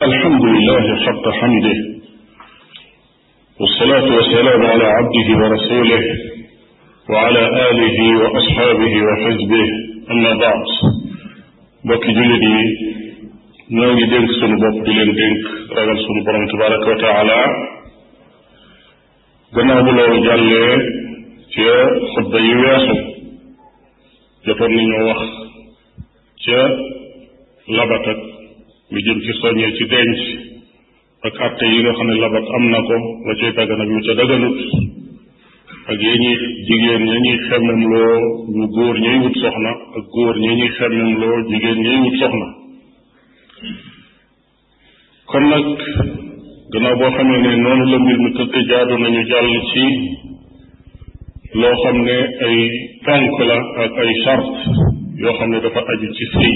alhamdulilah xaqa xamde walsalaatu wassalaamu ala abdihi wa rasulih wa ala alihi wa asxaabihi wa xisbih amma baad mbokki jullit yi ñoo ngi dénk sunu bopp di leen dénk ragal sunu borom tabaraka wa taala gannaaw bu loolu jàllee ca xutba yi weesu jotoon nañoo wax ca labat ak lu jëm ci soññee ci denc ak atte yi nga xam ne labat am na ko la cay dagan ak lu ca daganut ak yee ñuy jigéen ña ñuy xemmemloo ñu góor ñay wut soxna ak góor ña ñuy xemmemloo jigéen ñay wut soxna kon nag gannaaw boo xam ne noonu la mbir mi tëdd jaadu nañu jàll ci loo xam ne ay ponk la ak ay charte yoo xam ne dafa aju ci sëy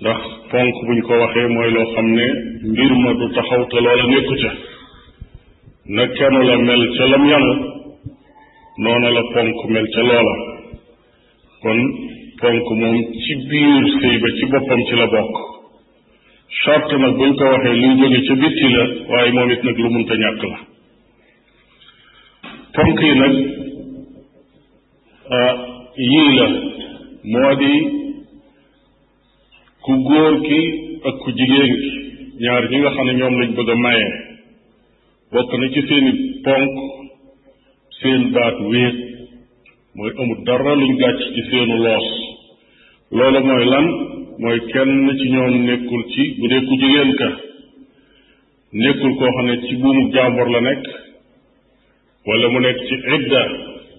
ndax ponk buñ ko waxee mooy loo xam ne mbir ma du taxaw te loola nekku ca na kenu la mel ca lam yanu noona la ponk mel ca loola kon ponk moom ci biir sëy ba ci boppam ci la bokk charte nag buñ ko waxee luy jóge ca bitti la waaye moom it nag lu munta ñàkk la ponk yi nag ah, yii la moo di ku góor ki ak ku jigéen ki ñaar ñi nga xam ne ñoom lañ bëgg a maye bokk na ci seeni ponk seen baat wéet mooy amul dara luñ gàcc ci seenu loos loolu mooy lan mooy kenn ci ñoom nekkul ci bu dee ku jigéen ka nekkul koo xam ne ci buumu jàmbur la nekk wala mu nekk ci idda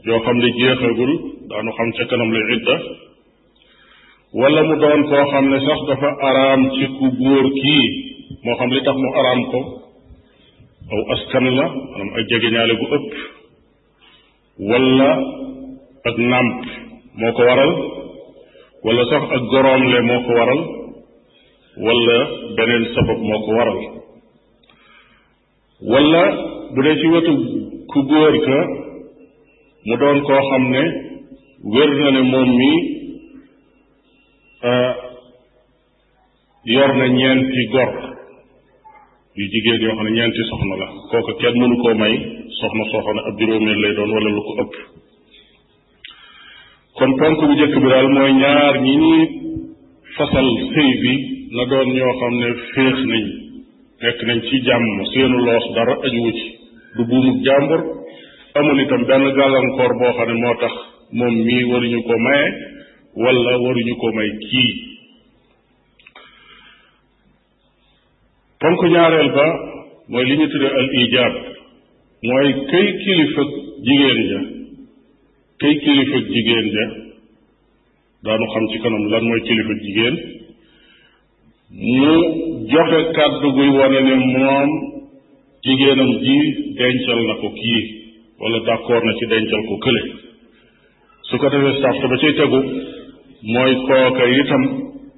yoo xam ne jeexagul daanu xam ca kanam la idda wala mu doon koo xam ne sax dafa araam ci ku góor kii moo xam li tax mu araam ko aw askan la maanaam ak jegeñaale gu ëpp wala ak nàmp moo ko waral wala sax ak goroomle moo ko waral beneen sabab moo ko waral wala bu dee ci wetu ku góor ka mu doon koo xam ne wér na ne moom mii Euh, yor na ñeenti gor yu jigéen yoo xam ne ñeenti soxna la kooku kenn mënu koo may soxna soo xam ne lay doon wala lu ko ëpp kon ponk bu njëkk bi daal mooy ñaar ñi ñuy fasal sëy bi na doon ñoo xam ne féex nañ nekk nañ ci jàmm seenu loos dara ajuwu ci du buumug jàmbur amul itam benn gàllankoor boo xam ne moo tax moom mii waruñu ko maye wala waruñu ko may kii ponk ñaareel ba mooy li ñu tuddee al ijaab mooy kay kilifa jigéen ja kay kilifa jigéen ja daanu xam ci kanam lan mooy kilifa jigéen mu joxe kàddu guy wane ne moom jigéenam ji dencal na ko kii wala d'accord na ci dencal ko kële su ko defee sart ba cay tegu mooy kooka itam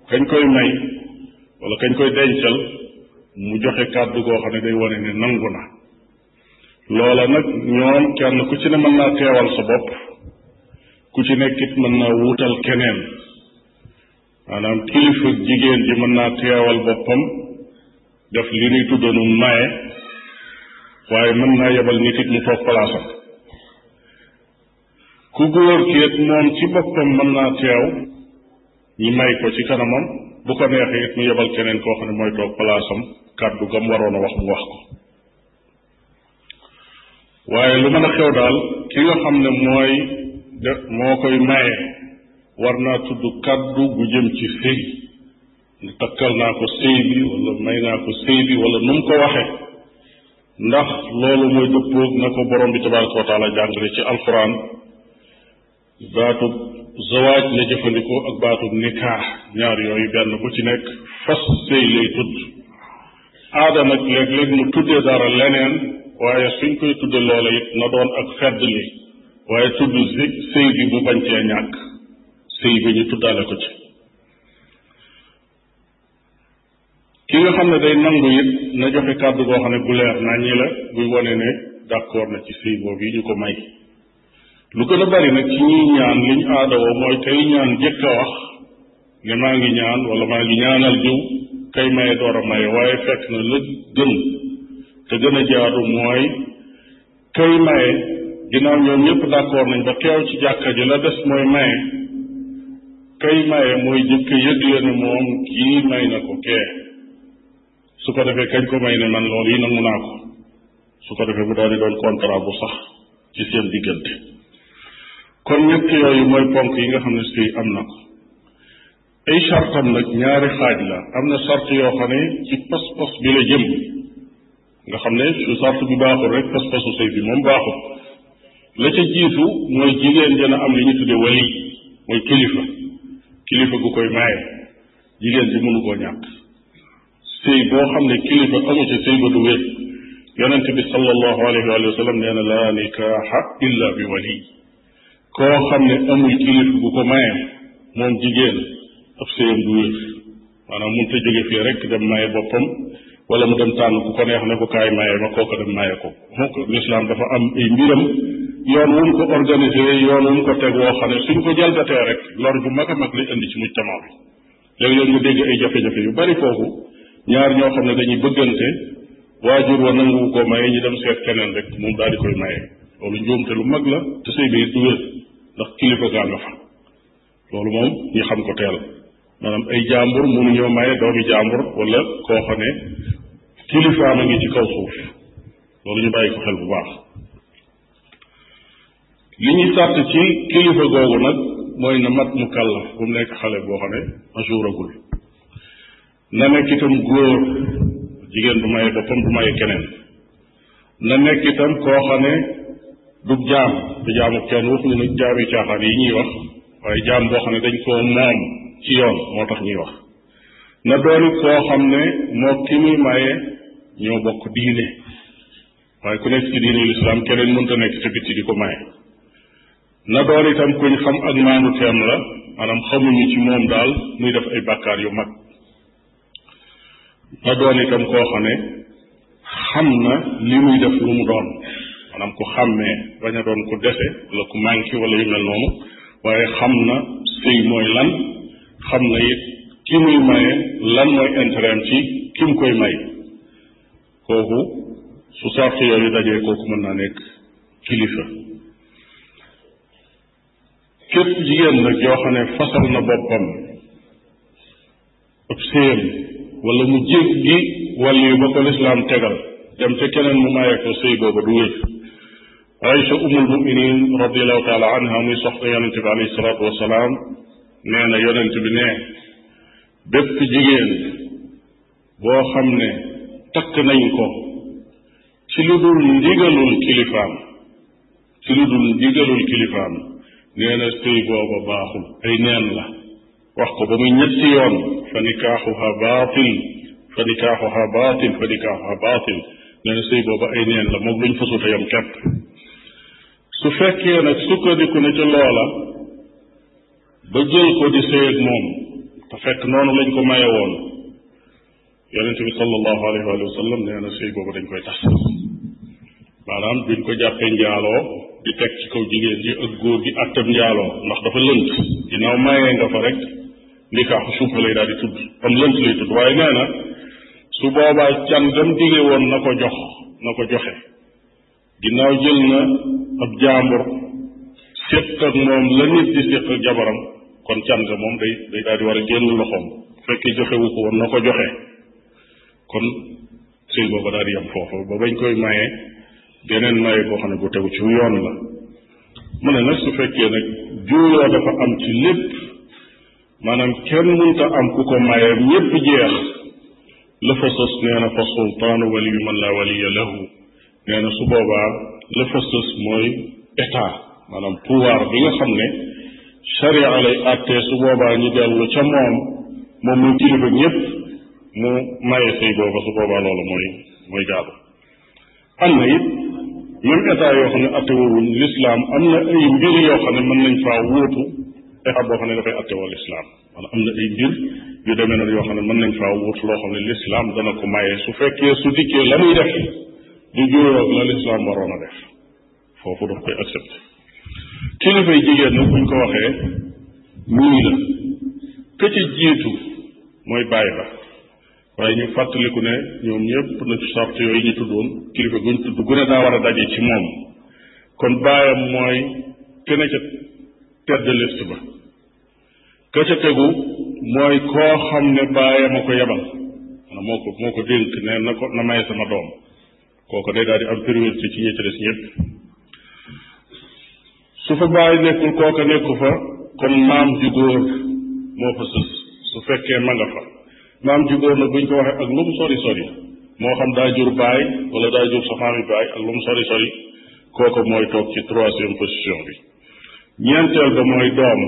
kañ koy may wala kañ koy dencal mu joxe kàddu goo xam ne day wane ne nangu na loola nag ñoom kenn ku ci ne mën naa teewal sa bopp ku ci nekkit mën naa wuutal keneen maanaam kilifa jigéen ji mën naa teewal boppam def li ñuy tuddoonum maye waaye mën naa yebal nit mu toog palaasam ku góor ki moom ci boppam mën naa teew ñu may ko ci kanamam bu ko neexee mu yebal keneen koo xam ne mooy toog palaasam kàddu gam waroon a wax mu wax ko waaye lu mën a xew daal ki nga xam ne mooy de moo koy maye war naa tudd kàddu gu jëm ci sëy ne takkal naa ko sëy bi wala may naa ko sëy bi wala nu mu ko waxee ndax loolu mooy dëppoog na ko borom bi tabaraka wa taala jàngale ci alquran baatub zawaaj la jëfandikoo ak baatub nikaax ñaar yooyu benn bu ci nekk fas sëy lay tudd aada nag léeg-léeg mu tuddee dara leneen waaye suñ koy tudde loola it na doon ak fedd li waaye tudd sëy bi bu bañ cee ñàkk sëy bi ñu tuddaale ko ci ki nga xam ne day nangu it na joxe kàddu goo xam ne bu leer naññi la buy wone ne d'accord na ci sëy boobu yi ñu ko may lu gën a bari nag ci ñaan liñ aadawoo mooy tey ñaan jëkk a wax ne maa ngi ñaan wala maa ngi ñaanal jiw kay maye door a maye waaye fekk na la gën te gën a jaadu mooy kay maye ginnaaw ñoom ñëpp d'accord nañ ba teew ci jàkka ji la des mooy maye kay maye mooy jëkk yëgle ne moom kii may na ko kee su ko defee kañ ko may ne man loolu yi nangu naa ko su ko defee mu daal di doon contrat sax ci seen diggante kon ñett yooyu mooy ponk yi nga xam ne sëy am na ko ay sartam nag ñaari xaaj la am na sart yoo xam ne ci xam ne su sart bi baaxul rek pas-pasu sëy bi moom baaxul la ca jiitu mooy jigéen dina am li ñu tudde wali mooy kilifa kilifa gu koy maye jigéen ji mënu koo ñàkk sëy boo xam ne kilifa amu ca sëy ba du wér yonente bi sallallahu alayhi wa sallam nee na laa nikaaxa illa bi wali koo xam ne amul kilifa gu ko maye moom jigéen ab séyam du wér maanaam mënut a jóge fii rek dem maye boppam wala mu dem tànn ku ko neex ne ko kaay maye ma kooku dem dafa am ay mbiram yoon wu ñu ko organisé yoon wu ñu ko teg woo xam ne suñ ko jalgatee rek lor bu mag a mag lay indi ci mujtama bi léeg-léeg nga dégg ay jafe-jafe yu bari foofu ñaar ñoo xam ne dañuy bëggante waajur wa nangu ko maye ñu dem seet keneen rek moom daal di koy maye loolu lu mag la te ndax kilifa gaa fa loolu moom ñi xam ko teel maanaam ay jàmbur mënuñoo maye doomi jàmbur wala koo xam ne a ngi ci kaw suuf loolu ñu bàyyi ko xel bu baax li ñuy sàtt ci kilifa googu nag mooy na mat mu kàllaf bu mu nekk xale boo xam ne ajouragul na nekk itam góor jigéen du maye boppam du maye keneen na nekk koo xam du jaam te jaamu kenn waxuñu nag jaami caaxaan yi ñuy wax waaye jaam boo xam ne dañ koo moom ci yoon moo tax ñuy wax na doonit koo xam ne moo ki muy maye ñoo bokk diine waaye ku nekk ci ko maye na doon itam kuñ xam ak maandu teem la maanaam xamuñu ci moom daal muy def ay bàkkaar yu mag na doon itam koo xam ne xam na li muy def lu mu doon maanaam ku xàmmee bañ a doon ku dese wala ku manqué wala yu mel noonu waaye xam na sëy mooy lan xam na it ki muy maye lan mooy intérêt am ci ki mu koy may kooku su sart yooyu dajee kooku mën naa nekk kilifa képp jigéen nag yoo xam ne fasal na boppam ab séem wala mu jég gi wàll ba ko lislaam tegal dem te keneen mu mayee ko sëy booba du wér Aïcha umul muminin radiallahu taala anha muy soxna yonente boo xam ne takk nañ ko ci lu dul ndigalul kilifaam ay neen la wax ko ba muy ñetti yoon fa nikaaxuha baatil fa nikaaxuha baatil baatil nee na sëy booba ay neen la moom luñ fasute yam képp su fekkee nag sukkandiku na ca loola ba jël ko di séyeg moom te fekk noonu lañ ko maye woon yone bi sallallahu alayhi wa sallam nee na séy boobu dañ koy tas duñ ko jàppee njaaloo di teg ci kaw jigéen ji ak góor gi attam njaaloo ndax dafa lënt ginnaaw mayee nga fa rek nikaaxu suufa lay daal di tudd am lënt lay tudd waaye nee na su boobaa can gam dige woon na ko jox na ko joxe ginnaaw jël na ab jaambur séq ak moom la nit di séq ak jabaram kon can ga moom day day di war a génn loxoom fekkee joxewu ko woon na ko joxe kon sëy booba daal di yam foofu ba bañ koy maye geneen maye boo xam ne bu tegu ci yoon la mu ne nag su fekkee nag juuyoo dafa am ci lépp maanaam kenn munta am ku ko maye ñépp jeex la fa sos nee na fa sultaanu waliyu man laa waliya lahu nee na su boobaa la fa mooy état maanaam pouvoir bi nga xam ne charia lay àttee su boobaa ñu dellu ca moom moom muy kilifa ñëpp mu maye sëy booba su boobaa loolu mooy mooy jaadu am na yit même état yoo xam ne attewuñ lislaam am na ay mbir yoo xam ne mën xam ne dafay attewoo lislaam am na ay mbir yu demee nag yoo xam ne mën nañ faa wóotu loo xam ne lislaam dana ko maye su fekkee su dikkee la muy def di juróog la lislaam a def foofu daf koy accepté kilifay jigéen nag buñ ko waxee ñii la ka jiitu mooy bàyyi la waaye ñu fàttaliku ne ñoom ñëpp na sart yooyu ñu tuddoon kilifa guñ tudd gu ne daa war a daje ci moom kon bàyyam mooy kene ca tedd liste ba ka tegu mooy koo xam ne bàyyam a ko yebal moo ko moo ko dénk ne na ko na may sama doom kooku day daal di am priorité ci ñi ci des ñëpp su fa bàyyi nekkul kooka nekku fa kon maam ju góor moo fa sës su fekkee ma nga fa maam ju góor nag buñ ko waxee ak lu mu sori sori moo xam daa jur baay wala daa jur sa maami baay ak lu mu sori sori kooka mooy toog ci troisième position bi ñeenteel ba mooy doom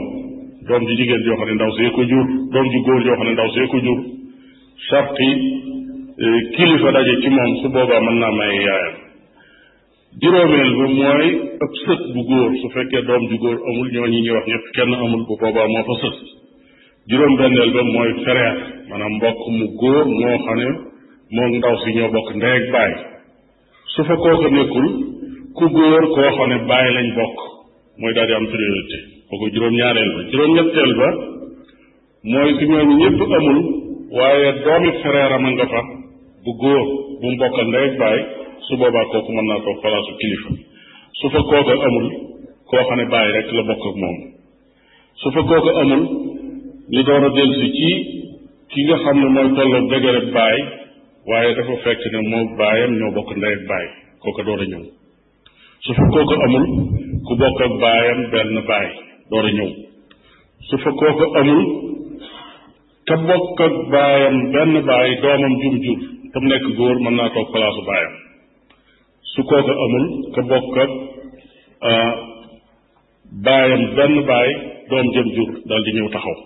doom ji jigéen joo xam ne ndaw see ko jur doom ji góor yoo xam ne ndaw see ko jur charte Euh, kilifa daje ci moom su boobaa mën naa maye yaayam juróomeel bi mooy ab sët bu góor su fekkee doom ju góor amul ñooñu ñuy wax ñëpp kenn amul bu boobaa moo fa sës mu góor ndaw si ñoo bokk su fa kooka lañ bokk mooy daal di amul waaye doomi frère am nga fa bu góor bu mu bokkal ndey ak baay su boobaa kooku mën naa toog palaasu kilifa su fa kooka amul koo xam ne baay rek la bokk ak su fa kooka amul ñu door a dellusi ci ki nga waaye dafa fekk ne moom baayam ñoo bokk ndey su fa kooka amul ku bokk ak baayam a bokk ak baayam benn baay doomam jum jur te mu nekk góor mën naa toog palaasu baayam su kooka amul te bokk baayam benn baay doom jëm jur daal di ñëw taxaw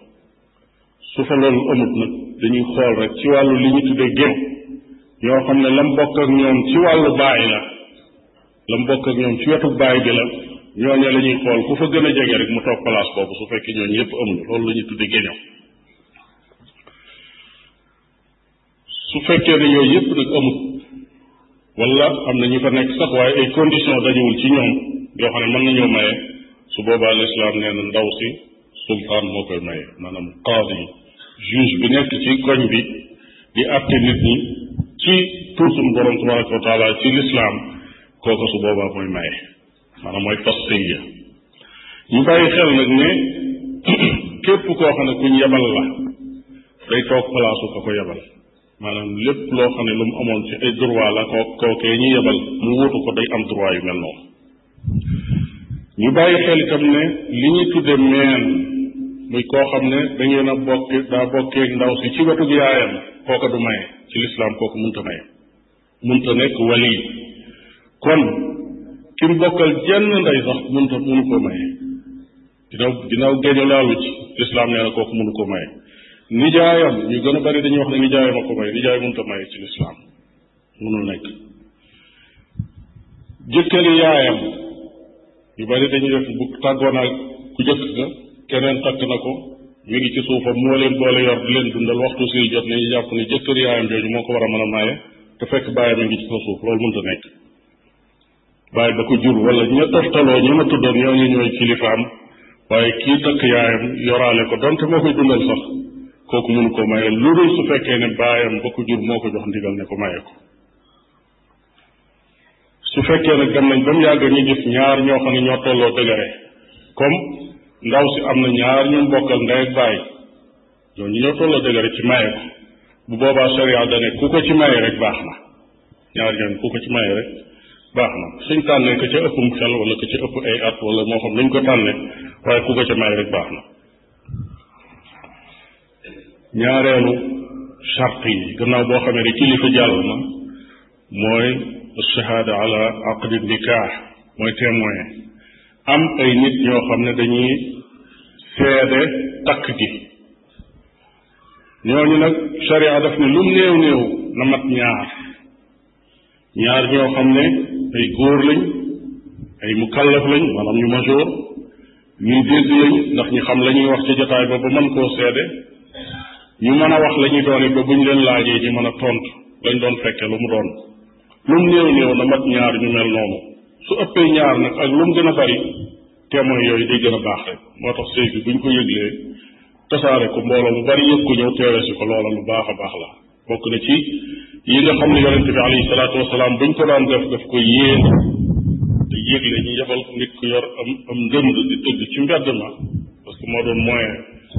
su fa loolu amut nag dañuy xool rek ci wàllu li ñu tuddee géew ñoo xam ne lam bokk ak ñoom ci wàllu baay la lam bokk ñoom ci wetu baay bi la ñooñu la ñuy xool ku fa gën a jege rek mu toog place boobu su fekkee ñooñu yépp amuñu loolu la ñuy tuddee su fekkee ne yooyu yëpp nag amul wala am na ñu ko nekk sax waaye ay condition dajewul ci ñoom yoo xam ne mën nañoo maye su boobaa lislaam nee na ndaw si sultaan moo koy maye maanaam qaadi yi juge bi nekk ci koñ bi di àtte nit ñi ci tuutum borom tabaraka wa taala ci lislaam kooku su boobaa mooy maye maanaam mooy pastiya ñu bàyyi xel nag ne képp koo xam ne kuñ yebal la day toog palaasu ka ko yebal maanaam lépp loo xam ne lu mu amoon ci ay droit la koo kookee ñu yebal mu wutu ko day am droit yu mel noonu ñu bàyyi xel itam ne li ñu tudde meen muy koo xam ne da ngeen a bokk daa bokkee ndaw si ci wetu yaayam kooka du maye ci lislaam kooku munta maye munta nekk wali kon ki mu bokkal jenn ndey sax munta munu ko maye ginnaaw ginnaaw géejo laalu ci lislaam nee na kooku munu ko maye nijaayam ñu gën a bari dañuy wax ne nijaayam a ko may nijaay mënut a may ci lislaam mënul nekk jëkkëri yaayam ñu bari dañuy def bu tàggoo naa ku jëkk ga keneen takk na ko mi ngi ci suufam moo leen boole yor di leen dundal waxtu si jot nañu jàpp ne jëkkëri yaayam jooju moo ko war a mën a maye te fekk bàyyam a ngi ci sa suuf loolu mënut a nekk bàyyi ba ko jur wala ña toftaloo ña ma tuddoon ñooñu ñooy kilifaam waaye kii takk yaayam yoraale ko donte kooku mënu ko maye lu dul su fekkee ne baayam ba ko jur moo ko jox ndigal ne ko maye ko su fekkee nag dem nañ ba mu yàgg ñu gis ñaar ñoo xam ne ñoo tolloo dëgëre comme ndaw si am na ñaar ñun bokkal ndey ak baay ñooñu ñoo tolloo dëgëre ci maye ko bu boobaa sharia dane ku ko ci maye rek baax na ñaar ñooñu ku ko ci maye rek baax na suñ tànnee ko ca ëpp mu xel wala ko ca ëpp ay at wala moo xam nañ ko tànnee waaye ku ko ca maye rek baax na ñaareelu charte yi gannaaw boo xamee ne kilifa jàll na mooy am ay nit ñoo xam ne dañuy seede takk gi ñooñu nag sharia daf ne lum néew néew na mat ñaar ñaar ñoo xam ne ay góor lañ ay mukallaf lañ maanaam ñu major ñuy dégg lañ ndax ñu xam la ñuy wax ca jotaay ba ba koo seede ñu mën a wax la ñu doon it ba buñ leen laajee ñu mën a tontu lañ doon fekkee lu mu doon lu mu néew néew na mat ñaar ñu mel noonu su ëppee ñaar nag ak lu mu gën a bari témoins yooyu day gën a baax rek moo tax sëy bi buñ ko yëglee tasaare ko mbooloo mu bari yëg ko ñëw teewee si ko loola lu baax a baax la bokk na ci yi nga xam ne yonente bi alayhi salaatu wasalaam buñ ko daan def daf ko yéen te yëgle ñu yebal nit ku yor am am ndënd di tëdd ci mbedd ma que moo doon moyen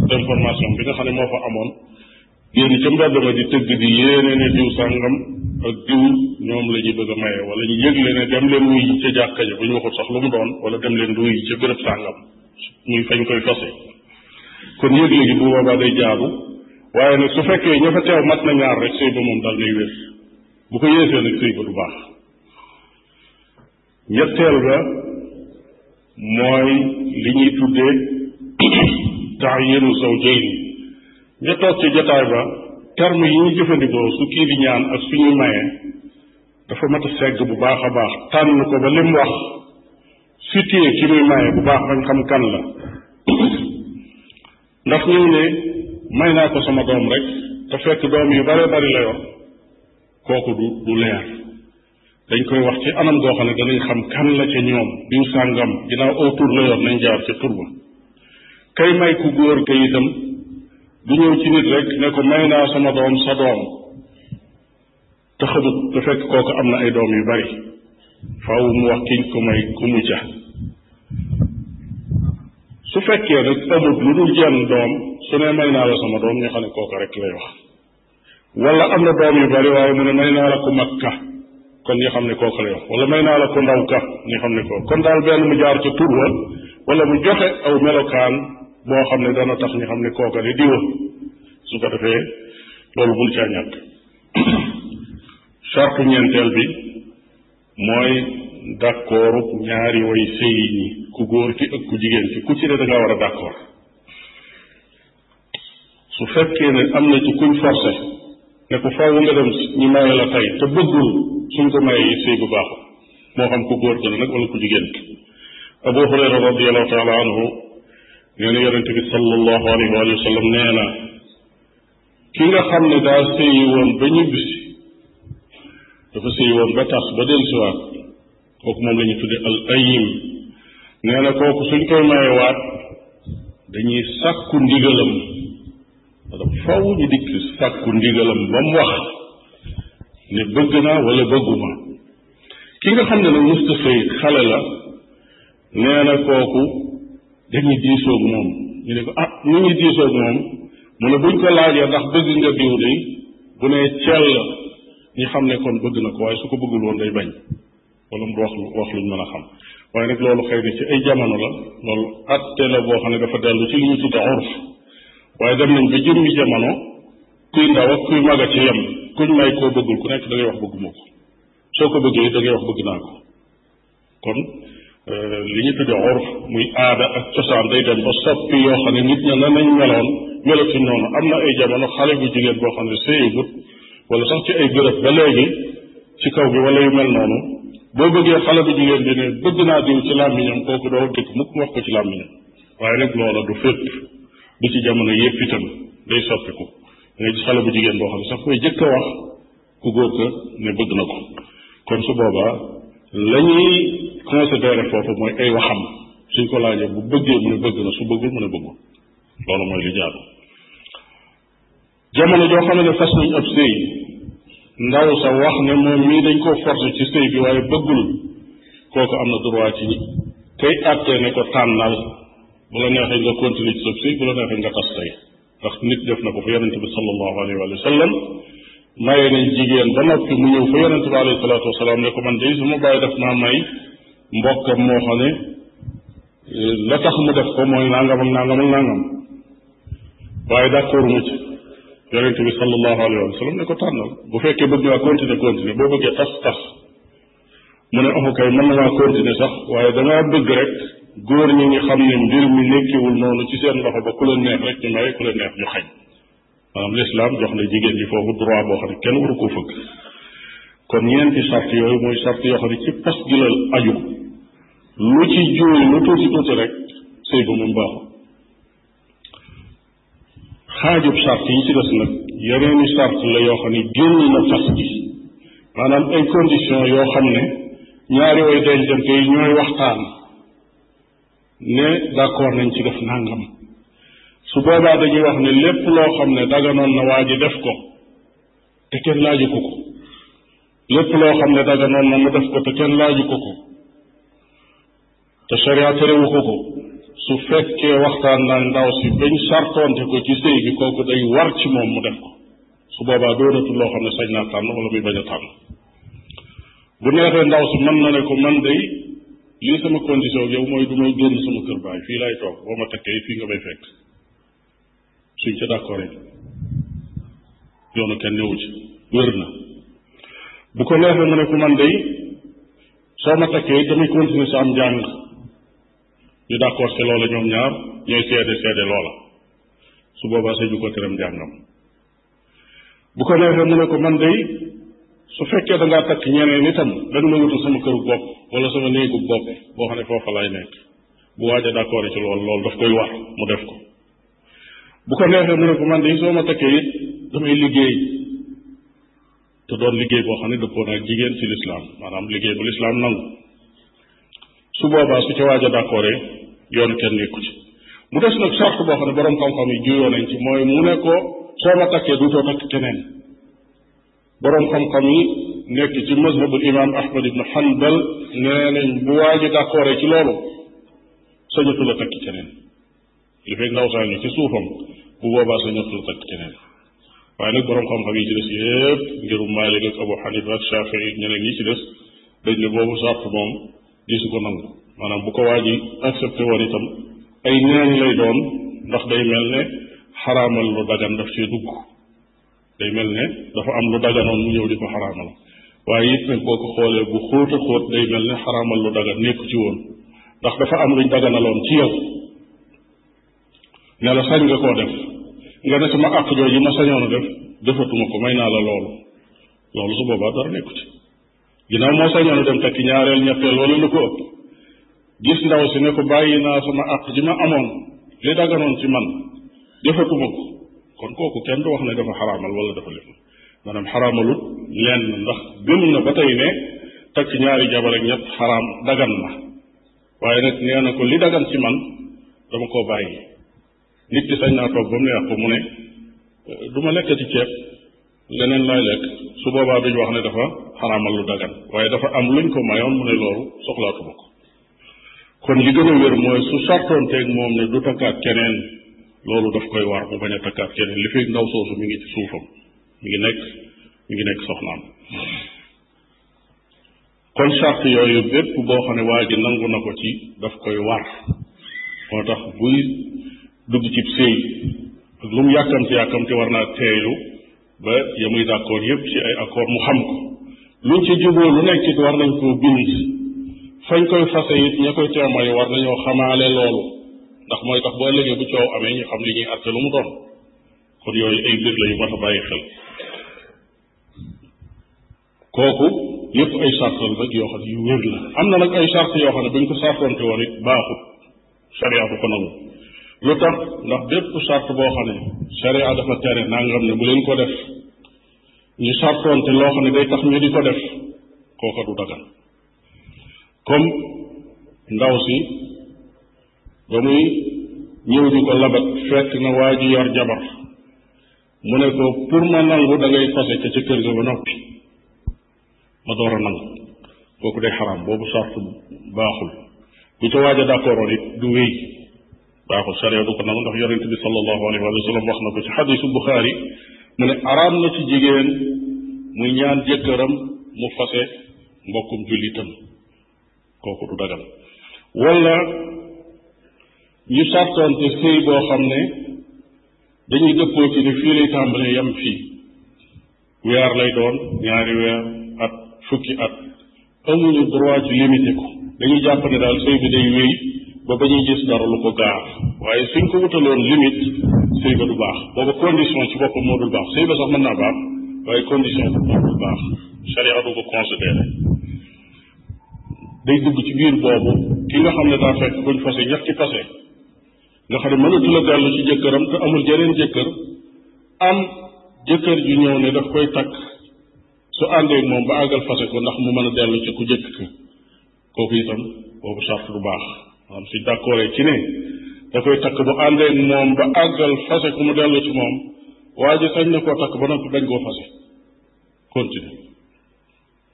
d'information bi nga xam ne moo fa amoon yéen ca mbedd ma di tëgg di yéene ne diw sàngam ak diw ñoom la ñuy bëgg a maye wala ñu yëgle ne dem leen wuy ca jàkka ja bu waxul sax lu mu doon wala dem leen wuy ca béréb sàngam muy fañ koy fase kon yëgle gi bu boobaa day jaabu waaye nag su fekkee ña fa teew mat na ñaar rek sëy ba moom dal nay wér bu ko yéesee nag sëy ba du baax ñetteel ga mooy li ñuy tuddee tax yéenu saw jëyn ña toog ci jotaay ba terme yi ñu jëfandikoo su kii di ñaan ak suñuy maye dafa mat a segg bu baax a baax tànn ko ba lim wax sutiyee ki muy maye bu baax bañ xam kan la ndax ñëw ne may naa ko sama doom rek te fekk doom yu bare bari la yor kooku du du leer dañ koy wax ci anam goo xam ne danañ xam kan la ca ñoom diw sàngam ginnaaw autour la yor nañ jaar ca tur ba kay may ku góor kay itam du ñëw ci nit rek ne ko may naa sama doom sa doom te xamut te fekk kooku am na ay doom yu bari faaw mu wax kiñ ko may ku mu ja su fekkee nag amut lu dul jenn doom su ne may naa la sama doom ñu xam ne kooku rek lay wax wala am na doom yu bari waaye mu ne may naa la ku mag ka kon ñu xam ne kooku lay wax wala may naa la ku ndaw ka ñu xam ne kooku kon daal benn mu jaar ca tur wa wala mu joxe aw melokaan boo xam ne dana tax ñu xam ne kooka di diwa su ko defee loolu mun caa ñàkk charte ñeenteel bi mooy d'accordu ñaari way sëy ñi ku góor ki ak ku jigéen ki ku ci ne da ngaa war a d'accord su fekkee ne am na ci kuñ forcé ne ko faaw nga dem ñu maye la tey te bëggul suñ ko maye sëy bu baaxul moo xam ku góor ki la nag ku jigéen ki Abu Hurayra radiallahu taala anhu nee na yonente bi sallallahu alayhi wa sallam nee na ki nga xam ne daa sëyi woon ba ñibbisi dafa sëyi woon ba tas ba dellusiwaat kooku moom la ñu tudde al ayim nee na kooku suñ koy mayewaat dañuy sàkku ndigalam maanaam faw ñu dikk sàkku ndigalam ba wax ne bëgg naa wala bëgguma ki nga xam ne nag musta xale la nee kooku dem ñu diisoogu moom ñu ne ko ah ñu ngi diisoogu moom mu buñ ko laajee ndax bëgg nga diw de bu nee cell ñu xam nekkoon kon bëgg na ko waaye su ko bëggul woon day bañ wala mu wax wax luñ mën a xam waaye nag loolu xëy na ci ay jamono la loolu atte la boo xam ne dafa dellu ci li ñu tudd urf waaye dem nañ ba jëmmi jamono kuy ndaw ak kuy mag a ci yem kuñ may koo bëggul ku nekk da wax bëgguma ko soo ko bëggee da ngay wax bëgg naa ko kon Euh, li ñu tudde urf muy aada ak cosaan day dem ba soppi yoo xam ne nit ña na nañ meloon melatuñ noonu am na ay jamono xale bu jigéen boo xam ne séyagut wala sax ci ay gërëb ba léegi ci kaw gi wala yu mel noonu boo bëggee xale bu jigéen bi ne bëgg naa diw ci làmmiñam kooku doo dëkk mukk wax ko ci làmmiñam waaye nag loola du fépp du ci jamono yépp itam day soppiku nga gis xale bu jigéen boo xam ne sax koy jëkk wax ku góor ka ne bëgg na ko kon su la ñuy considéré foofu mooy ay waxam suñ ko laajee bu bëggee mu ne bëgg na su bëggul mu ne bëggul loolu mooy li jaadu jamono joo xam ne fas nañ ab sëy ndaw sa wax ne moom mii dañ koo forcé ci sëy bi waaye bëggul kooku am na droit ci kay àttee ne ko tànnal bu la neexee nga continuer ci bu la neexee nga tas sëy ndax nit def na ko fa yonente bi sallallahu alayhi wa sallam maye nañ jigéen ba noppi mu ñëw fa yonente bi alayhi salaatu wasalaam ne ko man de su ma bàyyi def maa may mbokkam moo xam ne la tax mu def ko mooy nangam ak nangam ak nangam waaye d'accord mu ci yonente bi sallallahu alayhi wa sallam ne ko tànnal bu fekkee bëgg ngaa continuer continuer boo bëggee tas tas mu ne oxo kay mën na ngaa continuer sax waaye dangaa bëgg rek góor ñi nga xam ne mbir mi nekkiwul noonu ci seen loxo ba ku la neex rek maanaam lislaam jox na jigéen ji foofu droit boo xam ne kenn waru koo fëgg kon ñeenti sart yooyu mooy sart yoo xam ne ci pas ci rek sëy ba moom baaxul xaajub ci des nag yeneeni la yoo xam ne génn maanaam ay condition yoo xam ne ñaari way dencante yi ñooy waxtaan ne d'accord nañ ci def nangam su boobaa dañuy wax ne lépp loo xam ne daga noon na waa ji def ko te kenn laaju ko ko lépp loo xam ne daganoon na mu def ko te kenn laaju ko ko te sharia terewu ko ko su fekkee waxtaan naag ndaw si bañ sartoonte ko ci sëy bi kooku day war ci mu def ko su boobaa doonatul loo ne sañ naa tànn wala muy bañ a tànn bu neexee ndaw si mën na ne ko man day lii sama condition yow mooy du may génn sama kër baay fii laay toog boo ma takkee fii nga may fekk suñ ca d'accord yoonu kenn newu ci wér na bu ko neexee mu ne ko man day soo ma takkee damay continuer sa am njàng ñu d'accord ci loola ñoom ñaar ñooy seede seede loola su boobaa sa ju ko tëram njàngam bu ko neexee mu ne ko man day su fekkee da ngaa takk ñeneen itam da nga ma wutal sama këru bopp wala sama néegu bopp boo xam ne foofa laay nekk bu waaj a d'accord ci loolu loolu daf koy war mu def ko bu ko neexee mu ne ko man de soo ma takkee it damay liggéey te doon liggéey boo xam ne dëppoo na ak jigéen ci lislaam maanaam liggéey bu lislaam nangu su boobaa su ca waaj a d'accord kenn nekku ci mu des nag sart boo xam ne borom xam-xam yi nekk ci mazhabul imam ahmad ibn hanbal nee bu waaj a ci loolu sañatu la takk keneen li fekk ndaw saa ci suufam bu boobaa sa ñor takk keneen waaye nag borom xam-xam yi ci des yëpp ngiru Maalik ak ci des dañ ne boobu sart moom di su ko nangu maanaam bu ko waa ji accepté woon itam ay ñaan lay doon ndax day mel ne xaraamal lu dagan daf cee dugg day mel ne dafa am lu daganoon mu ñëw di ko xaraamal waaye it nag boo ko xoolee bu xóot a xóot day mel ne xaraamal lu dagan nekku ci woon ndax dafa am luñ daganaloon ci yow ne la sañ nga koo def nga ne sama àq jooju ma sañoon a def defatuma ko may naa la loolu loolu su boobaa dara nekku ci ginnaaw moo sañoon a dem takki ñaareel ñetteel wala lu ko ëpp gis ndaw si ne ko bàyyi naa sama àq ji ma amoon li daganoon ci man defatuma ko kon kooku kenn du wax ne dafa xaraamal wala dafa lef maanaam xaraamalul lenn ndax gëm na ba tey ne takk ñaari jabar ak ñett xaraam dagan na waaye nag nee na ko li dagan ci man dama koo bàyyi nit ki sañ naa toog ba mu neex ko ne du ma lekkati ceeb leneen laay lekk su boobaa duñ wax ne dafa xaraamal lu dagan waaye dafa am luñ ko mayoon mu ne loolu soxlaatuma ko kon li gën a wér mooy su sartoonteeg moom loolu daf koy war mu bañ mi ngi ci mi ngi nekk mi ngi nekk soxnaam kon sart yooyu bépp boo xam ne waa ji nangu na ko ci daf koy war moo tax buy dugg ci sëy ak lu mu war naa teeylu ba ya muy d'accord yépp ci ay accord mu xam ko luñ ci juboo lu nekk it war nañ koo bind fañ koy fase it ña koy ndax mooy tax boo léegi bu coow ñu xam li ñuy àtte lu mu doon kon yooyu ay mbir la yu mat a bàyyi xel kooku yépp ay charte la rek yoo xam yu wér la am na nag ay charte yoo xam ne buñ ko sartonte woon it baaxut charia ko nangu lu tax ndax bépp charte boo xam ne charia dafa tere nangam ne bu leen ko def ñu chartoon te loo xam ne day tax ñu di ko def kooka du dagan comme ndaw si ba muy ñëw di ko labat fekk na waa ji yor jabar mu ne ko pour ma nangu da ngay fase ca ca kër ga ba noppi ma door a nangu kooku day xaraam boobu charte baaxul bu ca waaj a d'accord it du wéy baaxul sariya du ko nangu ndax yonente bi sallallahu alayhi wa sallam wax na ko ci xadisu Buxaari mu ne araam na ci jigéen muy ñaan jëkkëram mu fase mbokkum jullitam kooku du dagal wala ñu sartoonte sëy boo xam ne dañuy dëppoo ci ne fii lay tàmbalee yam fii weer lay doon ñaari weer at fukki at amuñu droit ci limité ko dañuy jàpp daal sëy bi day wéy ba ba gis dara lu ko gaar waaye suñ ko wutaloon limite sëy du baax booba condition ci boppam moo dul baax sëy ba sax mën naa baax waaye condition bi moo dul ko considéré day ci biir boobu ki nga xam ne daa fekk buñ fase nga xam ne mënatu la dellu ci jëkkëram te amul jeneen jëkkër am jëkkër daf koy takk su àndee moom ba àggal fase ko ndax mu man a dellu ci ku jëkk ka kooku itam boobu charte du baax maanaam suñ d'accord ci ne da koy takk bu àndeeg moom ba àggal fase ku mu dellu ci moom waa ji sañ na koo takk ba noppi bañ koo fase continue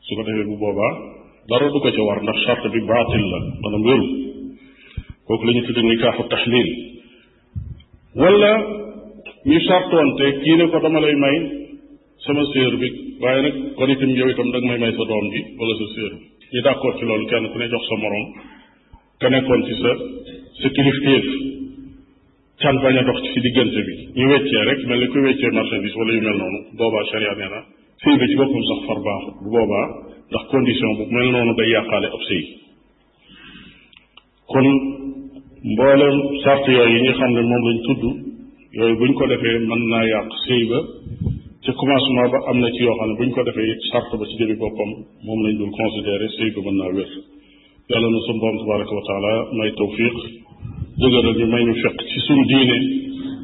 su ko defee bu boobaa dara du ko ci war ndax charte bi baatil la maanaam wérul kooku la ñu tudde nikaaxu taxliil wala ñu sartoonte kii ne lay may sama séer bi waaye nag kon itam yow itam danga may may sa doom bi wala sa séer bi ñu d'accord ci loolu kenn ku ne jox sa moroom ka nekkoon ci sa sa kilifteef can bañ a dox ci diggante bi ñu weccee rek mel ni ku weccee marchandise wala yu mel noonu boobaa charia nee na sëy ba ci boppam sax far baaxut bu boobaa ndax condition bu mel noonu day yàqaale ab sëy kon mboolem sart yooyu yi xam ne moom lañ tudd yooyu buñ ko defee mën naa yàq sëy ba ci commencement ba am na ci yoo xam ne buñ ko defee sart ba ci jëmi boppam moom lañ dul considéré sëy ba mën naa wér yàlla na suñu borom tabaraka wa taala may tawfiq dëgëral ñu may ñu fekk ci suñu diine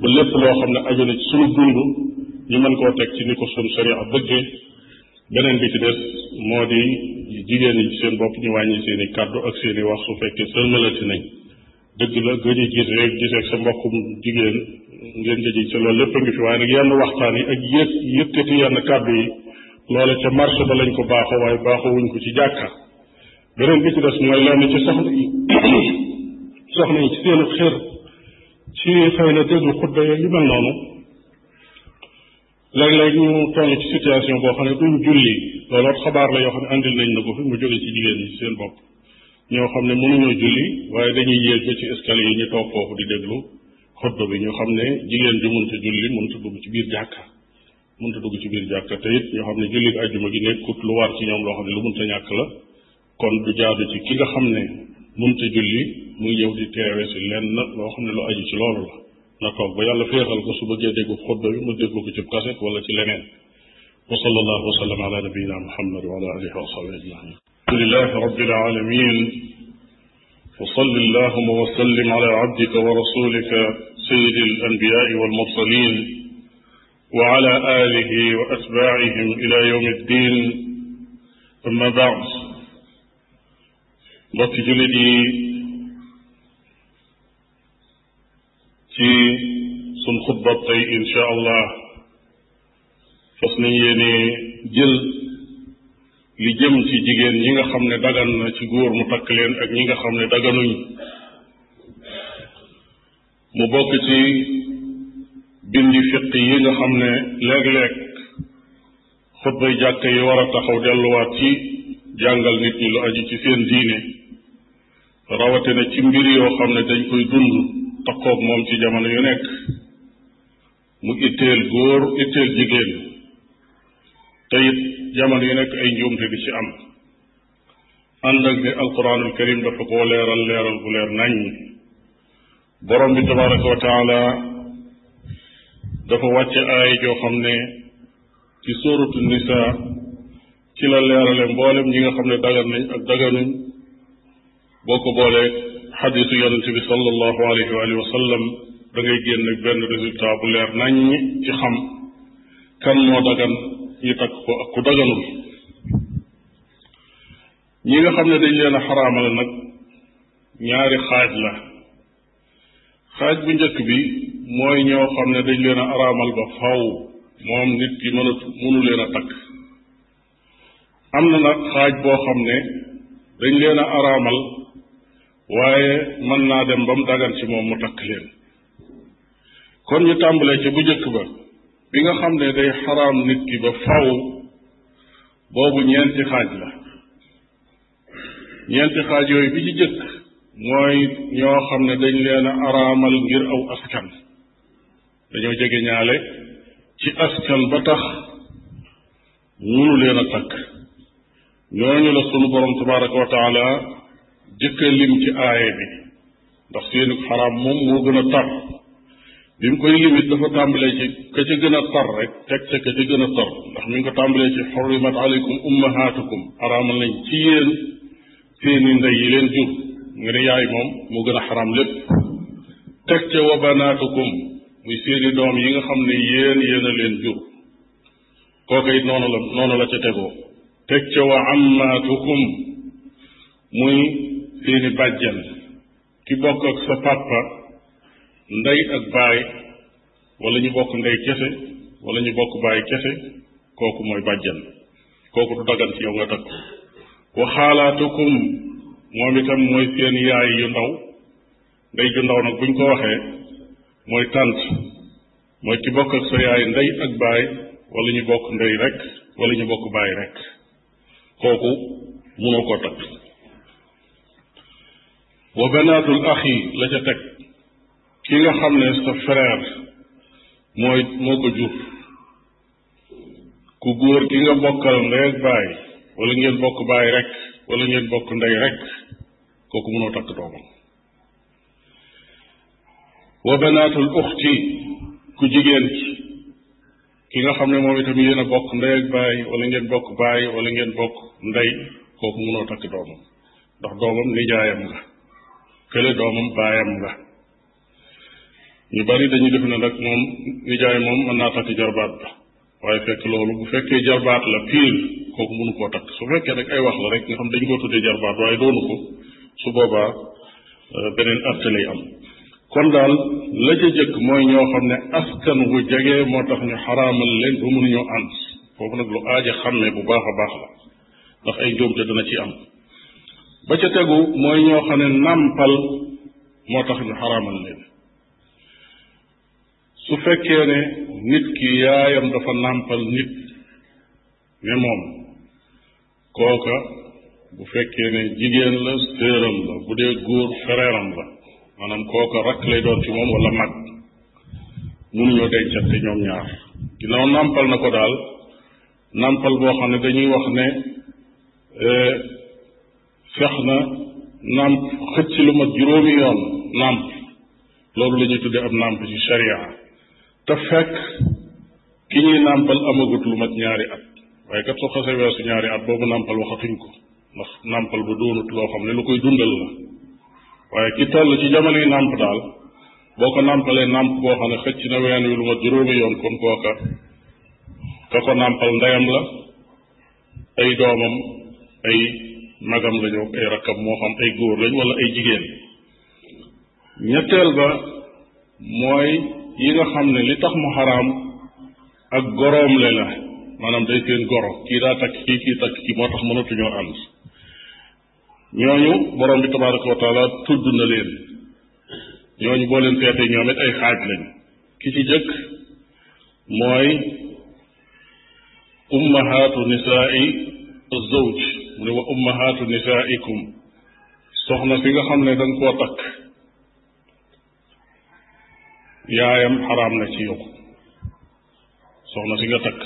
ba lépp loo xam ne aju na ci suñu dund ñu mën koo teg ci ni ko suñu sharia bëggee beneen bi ci des moo di jigéen ñi seen bopp ñu wàññi seen i kàddu ak seen wax su fekkee sëlmalati nañ dëgg la gëj a gis rek giseeg sa mbokkum jigéen ngeen gëj sa loolu lépp a ngi fi waaye nag yenn waxtaan yi ak yëg yëkkati yenn kàddu yi loola ca marché ba lañ ko baaxoo waaye baaxoo wuñ ko ci jàkka beneen bi ci des mooy lenn ci soxna yi soxna yi ci seenu xër ci xëy na déglu xutba yooyu yu mel noonu léeg-léeg ñu toll ci situation boo xam ne duñ julli loolu xabaar la yoo xam ne andil nañ na ko fi mu jóge ci jigéen seen bopp ñoo xam ne mënuñoo julli waaye dañuy yéeg ba ci escalier yi ñu toog foofu di déglu xutba bi ñu xam ne jigéen ji mënta julli mënta dugg ci biir jàkka mënta dugg ci biir jàkka te it ñoo xam ne julli ajjuma gi nekkut lu war ci ñoom loo xam ne lu mënta ñàkk la kon du jaadu ci ki nga xam ne mënta julli muy ñëw di teewe si lenn loo xam ne lu aju ci loolu la na toog ba yàlla féexal ko su bëggee déggu xutba bi mu déglu ko ci kaset wala ci leneen wa sallallahu wa sallam ala nabiyina muhammad wa ala alihi wa sahbihi ajmain alhamdulilahi rabbil alamin wa salli allahuma wa sallim ala abdika wa rasulika sayidi al anbiyai wal mursalin wa ala alihi wa atbaihim ila yawmi ddin amma baad mbokki jullit yi ci sun xutba tey insha allah fas nañ yéene jël li jëm ci jigéen ñi nga xam ne dagan na ci góor mu takk leen ak ñi nga xam ne daganuñ mu bokk ci bindi fiq yi nga xam ne léeg-léeg xutbay jàkk yi war a taxaw delluwaat ci jàngal nit ñi lu aju ci seen diine rawatina ci mbir yoo xam ne dañ koy dund takkoog moom ci jamono yu nekk mu itteel góor itteel jigéen te it jamono yu nekk ay njuumte bi ci am ànd ak ne alquranul karim dafa koo leeral leeral bu leer nañ borom bi tabaraka wa taala dafa wàcce aay xam ne ci sóoratu nisa ci la leerale mboolem ñi nga xam ne dagan nañ ak daganuñ boo ko boolee xadisu yonent bi sallallahu alayhi wa alihi wa sallam da génn benn résultat bu leer naññ ci xam kan moo ñi nga xam ne dañ leen a xaraamal nag ñaari xaaj la xaaj bu njëkk bi mooy ñoo xam ne dañ leen a araamal ba faw moom nit ki mën leen a takk am na nag xaaj boo xam ne dañ leen a araamal waaye mën naa dem ba mu dagan ci moom mu takk leen kon ñu tàmbalee ci bu njëkk ba bi nga xam ne day xaraam nit ki ba faw boobu ñeenti xaaj la ñeenti xaaj yooyu bi ci jëkk mooy ñoo xam ne dañ leen a araamal ngir aw askan dañoo jege ñaale ci askan ba tax ñu leen a la sunu borom tabaraka wa jëkk a lim ci aaye bi ndax seenu xaraam moom moo gën a tar bi mu koy limit dafa tàmbalee ka ca gën a tar rek teg ka ca gën a tar ndax mi ngi ko tàmbalee ci xurrimat aleykum ummahaatukum ci yéen seeni ndey yi leen jur nga ne moom moo gën a xaraam lépp teg ca wa banaatukum muy seeni doom yi nga xam ne yéen yéen jur kooka it noonu la noonu la ca wa ammaatukum muy seeni bàjjen ki bokk ak sa papa ndey ak baay wala ñu bokk ndey kese wala ñu bokk baay kese kooku mooy bàjjen kooku du dagan ci yow nga takk wa xaalaatukum moom itam mooy buñ ko waxee mooy tànt mooy ki bokk ak sa yaay ndey ak baay wala ñu bokk ndey rek wala ñu bokk baay rek kooku munoo koo takk wa banaatul axi la ca teg ki nga xam ne sa frère mooy moo ko jur ku góor ki nga bokkal ndey ak baay wala ngeen bokk baay rek wala ngeen bokk ndey rek kooku mënoo takk doomam wa banaatul uxti ku jigéen ki ki nga xam ne moom itam yéen a bokk ndey ak baay wala ngeen bokk baay wala ngeen bokk ndey kooku mënoo takk doomam ndax doomam nijaayam la kële doomam baayam la ñu bari dañuy def na nag moom nijaay moom mën naa takk jarbaat la waaye fekk loolu bu fekkee jarbaat la pire kooku mënu koo takk su fekkee nag ay wax la rek nga xam dañ koo tuddee jarbaat waaye doonu ko su boobaa euh, beneen atte lay am kon daal la ca jëkk mooy ñoo xam ne askan wu jege moo tax ñu xaraamal leen ba mënuñoo ànd foofu nag lu aaja ne bu baax a baax la ndax ay njuumte dana ci am ba ca tegu mooy ñoo xam ne nàmpal moo tax ñu xaraamal leen su fekkee ne nit ki yaayam dafa nàmpal nit ne moom kooka bu fekkee ne jigéen la séeram la bu dee góor fereeram la maanaam kooka rakk lay doon ci moom wala mag mënuñoo dencante ñoom ñaar ginnaaw nàmpal na ko daal nàmpal boo xam ne dañuy wax ne eh, fex na nàmp xëcc lu mat juróomi yoon nàmp loolu la ñuy tuddee ab nàmp ci sharia te fekk ki ñuy nàmpal amagut lu mat ñaari at waaye kat su xasee weesu ñaari at boobu nàmpal waxatuñ ko ndax nàmpal bu doonut loo xam ne lu koy dundal la waaye ki toll ci jamonoy nàmp daal boo ko nàmpalee nàmp boo xam ne xëcc na ween wi lu mat juróomi yoon kon kooka ka ko nàmpal ndeyam la ay doomam ay magam la ñu ay rakkam moo xam ay góor lañ walla ay jigéen ñetteel ba mooy yi nga xam ne li tax mu xaraam ak goroom le la maanaam day seen goro kii daa takk kii kii takk kii moo tax mënatuñoo ànd ñooñu borom bi tabaraka wa tudd na leen ñooñu boo leen seetee ñoom ay xaaj lañ ki ci jëkk mooy ummahaatu nisaai zawj mu ne wa ummahaatu nisaikum soxna si nga xam ne danga koo takk yaayam xaraam na ci soxna si nga takk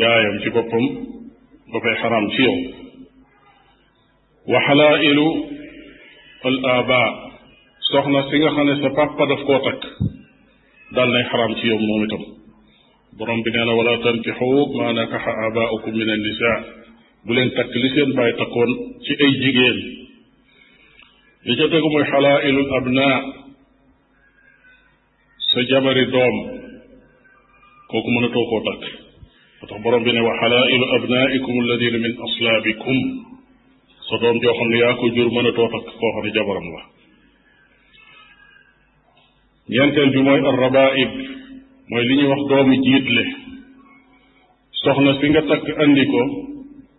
yaayam ci boppam dafay xaraam ci yow wa xalaa'ilu al aaba soxna si nga xam ne sa papa daf koo takk daal nay xaraam ci yow moom itam borom bi nee na wala tantixu maa nakaxa abaaukum min an nisaa bu leen takk li seen bàyyi takkoon ci ay jigéen li ca tegu mooy xalaailul abnaa sa jabari doom kooku mënatoo koo takk moo tax borom bi ne wa xalaailu abnaikum alladina min aslaabikum sa doom joo xam ne jur mënatoo takk koo xam ne jabaram la ñeenteel bi mooy arrabaib mooy li ñuy wax doomi jiitle soxna si takk andi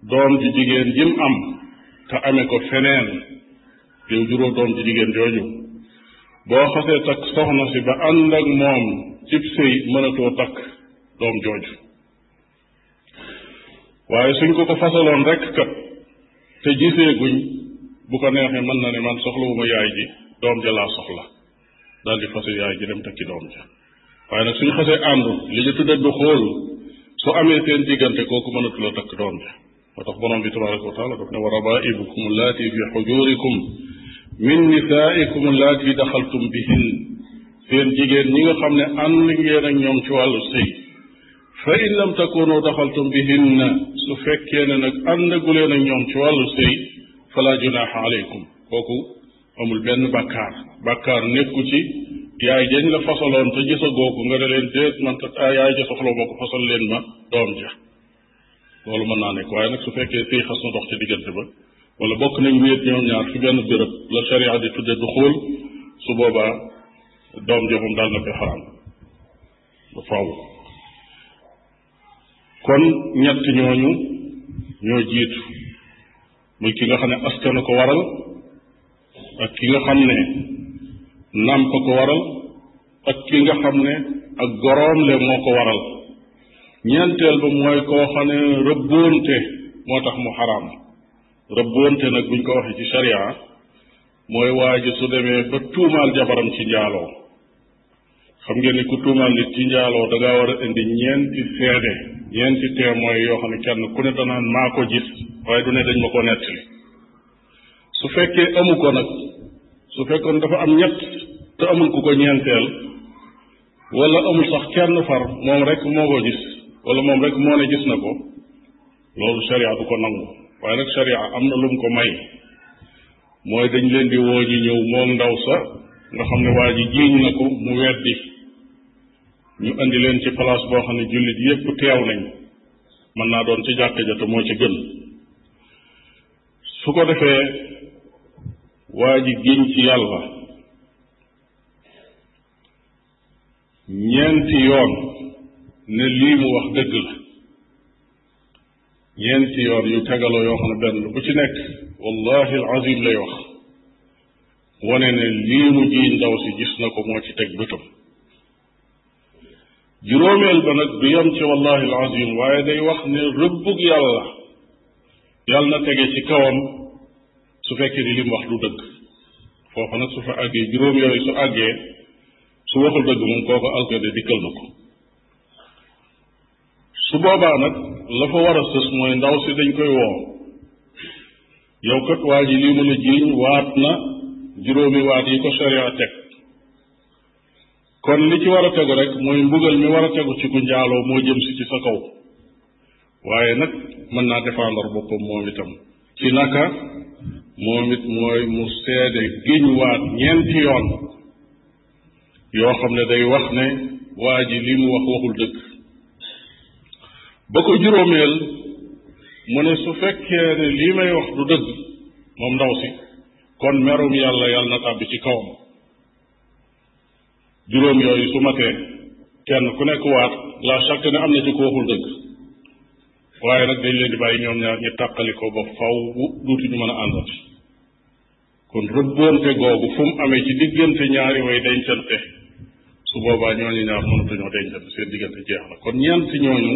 doom ji jigéen jim am te amee ko feneen yow juróom doom ji jigéen jooju boo xasee takk soxna si ba ànd ak moom cib sëy mënatoo takk doom jooju waaye suñ ko ko fasaloon rek kat te gisee guñ bu ko neexee mën na ne man soxlawuma yaay ji doom ja laa soxla daal di fase yaay ji dem takki doom ja waaye nag suñ xasee àndu li ñu tudde du xool su amee seen diggante kooku mënatula takk doom ja moo tax borom bi tabaraka wa taala daf ne wa rabaibukum allaati fi xujurikum min nisaaikum allaati daxaltum bihin seen jigéen ñi nga xam ne ànd ngeen ak ñoom ci wàllu sëy fa in lam takunu daxaltum bihinna su fekkee ne nag àndaguleen ak ñoom ci wàllu sëy fala junaaxa aleykum kooku amul benn bàkkaar bàkkaar nekku ci yaay jañ la fasaloon te gisagoo ko nga ne leen déet man ta ah, yaay ja soxla ma ko fasal leen ma doom ja loolu mën naa nekk waaye nag su fekkee fii xas na dox ci diggante ba wala bokk nañ wéet ñoom ñaar fi benn béréb la sharia di tudde du xool su boobaa doom ji daal na koy xaraam ba faaw kon ñett ñooñu ñoo jiitu muy ki nga xam ne askana ko waral ak ki nga xam ne nàmp ko waral ak ki nga xam ne ak goroom le moo ko waral ñeenteel ba mooy koo xam ne rëbboonte moo tax mu xaraam rëbboonte nag buñ ko waxee ci sharia mooy waa ji su demee ba tuumaal jabaram ci njaaloo xam ngeen ni ku tuumaal nit ci njaaloo da ngaa war a indi ñeenti seede ñeenti témoin yoo xam kenn ku ne danaan maa ko gis waaye du ne dañ ma ko nettali su fekkee amu ko nag su fekkoon dafa am ñett te amul ku ko ñeenteel wala amul sax kenn far moom rek moo ko gis wala moom rek moo ne gis na ko loolu sharia du ko nangu waaye nag sharia am na lu mu ko may mooy dañ leen di woo ñu ñëw moom ndaw sa nga xam ne waa ji na ko mu weddi ñu indi leen ci place boo xam ne jullit yépp teew nañ mën naa doon ci jàkka ja te moo ci gën su ko defee waa ji ci yàlla ñeenti yoon ne lii mu wax dëgg la ñeenti yu tegaloo yoo xam ne bu ci nekk wallahi alazim lay wax wane ne lii mu jiiñ ndaw gis na ko moo ci teg bëtam juróomeel ba nag du yem ci wallahi alazim waaye day wax ne rëbbug yàlla yàlla na tege kawam su fekkee ni li mu wax du dëgg foofa nag su fa àggee juróom yooyu su àggee su waxul dëgg moom kooko alkade dikkal na su boobaa nag la fa war a sës mooy ndaw si dañ koy woo yow kat waa ji lii mën a jiiñ waat na juróomi waat yi ko sharia teg kon li ci war a tegu rek mooy mbugal mi war a tegu ci ku njaaloo moo jëm si ci sa kaw waaye nag mën naa défendre boppam moom itam ci naka moom it mooy mu seede giñ waat ñeenti yoon yoo xam ne day wax ne waa ji li mu wax waxul dëgg ba ko juróomeel mu ne su fekkee ne lii may wax du dëgg moom ndaw si kon merum yàlla yàlla na tàbbi ci kawam juróom yooyu su matee kenn ku nekk waat la chaque ne am na ci ko waxul dëgg waaye nag dañ leen di bàyyi ñoom ñaar ñu tàqali ko ba faw duuti ñu mën a àndati kon rëbboonte googu fu amee ci diggante ñaari way dencante su boobaa ñooñu ñaar mënatuñoo dencante seen diggante jeex na kon ñeent ñooñu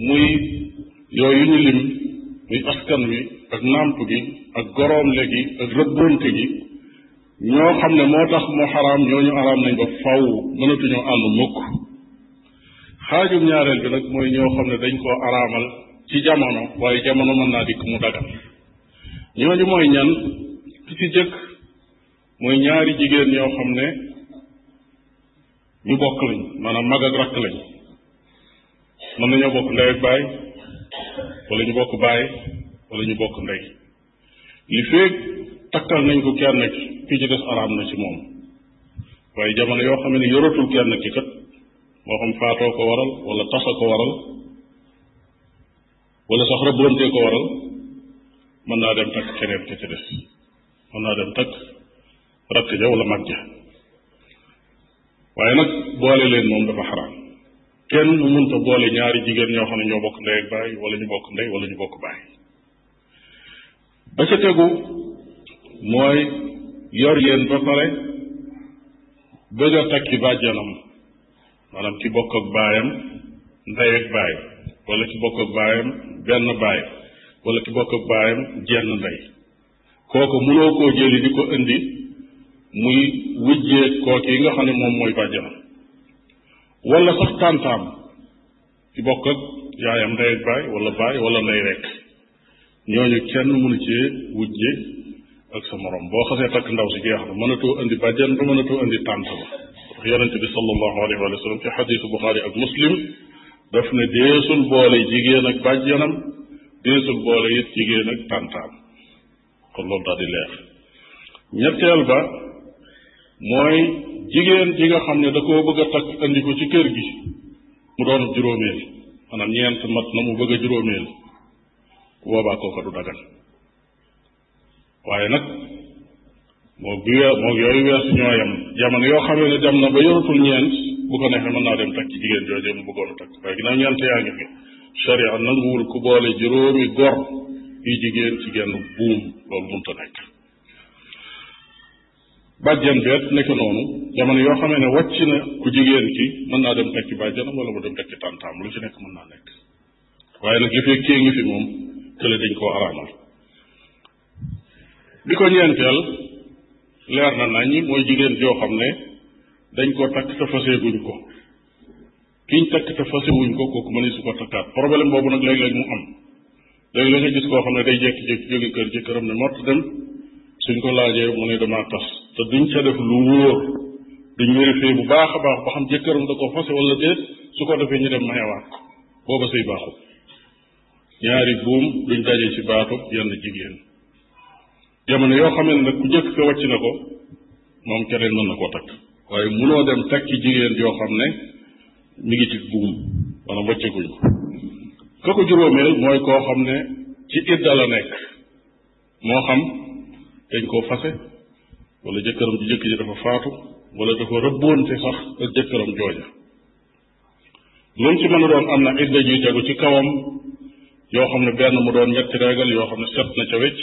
muy yooyu ñu lim muy askan wi ak nàmp gi ak goroomle gi ak rëbboonte gi ñoo xam ne moo tax mu xaraam ñooñu araam nañ ba faw mënatuñoo ànd mukk xaajum ñaareel bi nag mooy ñoo xam ne dañ koo araamal ci jamono waaye jamono mën naa dikk mu dagal ñooñu mooy ñan ki ci jëkk mooy ñaari jigéen ñoo xam ne ñu bokk lañ maanaam mag ak rakk lañ mën nañoo bokk ndey ak baay wala ñu bokk baay wala ñu bokk ndey li feeg takkal nañ ko kenn ki ki ci des araam na ci moom waaye jamono yoo xam ne yoratul kenn ki kat moo xam faatoo ko waral wala tasa ko waral wala sax rëbbantee ko waral mën naa dem takk keneen ka ci des mën naa dem takk rakk ja wala mag ja waaye nag boole leen moom dafa xaraam kenn mënta boole ñaari jigéen ñoo xam ne ñoo bokk ndey ak baay wala ñu bokk ndey wala ñu bokk baay ba ca tegu mooy yor yéen ba pare bëgg a takki bàjjanam maanaam ki bokk ak baayam ndey ak baay wala ki bokk ak baayam benn baay wala ki bokk ak baayam jenn ndey kooku mënoo koo jëli di ko indi muy wujjee kooku yi nga xam ne moom mooy bàjjanam wala sax tàntaam ci bokk ak yaayam ndey ak baay wala baay wala ndey rek ñooñu kenn mënu cee wujje ak sa morom boo xasee takk ndaw si jeex na mënatoo andi bàjjan ba mënatoo andi tànt ba wax bi sallallahu alayhi wa sallam ci xadisu buxaari ak muslim daf ne deesul boole jigéen ak bàjjanam deesul boole it jigéen ak tàntaam kon loolu daal di leer ñetteel ba mooy jigéen ji nga xam ne da koo bëgg a takk ci kër gi mu doon juróomeel maanaam ñeent mat na mu bëgg a juróomeel boobaa kooka du dagan waaye nag moo bi moo yooyu weesu ñoo yem yoo xamee ne dem na ba yoratul ñeent bu ko neexee mën naa dem takk ci jigéen jooju mu bëggoon a takk waaye ginnaaw ñeent yaa ngi fi sharia nanguwul ku boole juróomi gor yu jigéen ci buum loolu munta nekk bàjjan beet nekk noonu jamono yoo xamee ne wàcc na ku jigéen ki mën naa dem tekki bàjjanam wala mu dem tekki tàntaam lu ci nekk mën naa nekk waaye nag yëfee kée ngi fi moom kële dañ ko ñeenteel leer na nañ mooy jigéen joo xam ne dañ koo takk te faseeguñ ko kiñ takk te fasewuñ ko kooku mëni su ko takkaat problème boobu nag léeg-léeg mu am léeg-léeg nga gis koo xam ne day jékki-jékki jóge kër jëkkëram ne mott dem suñ ko laajee mu ne damaa tas te duñ ca def lu wóor duñ vérifié bu baax a baax ba xam jëkkëram da ko fase wala déet su ko defee ñu dem mayewaat ko booba sëy baaxul ñaari buum duñ daje ci baatu yenn jigéen jamono yoo xamee ne nag ku na ko moom keneen mën na koo takk waaye munoo dem takki jigéen yoo xam ne ñu ngi ci buum wala wàcceguñ ko ko juróomeel mooy koo xam ne ci idda la nekk moo xam dañ koo fase wala jëkkëram ji jëkk ji wala dafa rëbboonte sax ak jëkkëram jooja luñ ci mën a doon am na idda juy tegu ci kawam yoo xam ne benn mu doon ñetti régal yoo xam ne set na ca wecc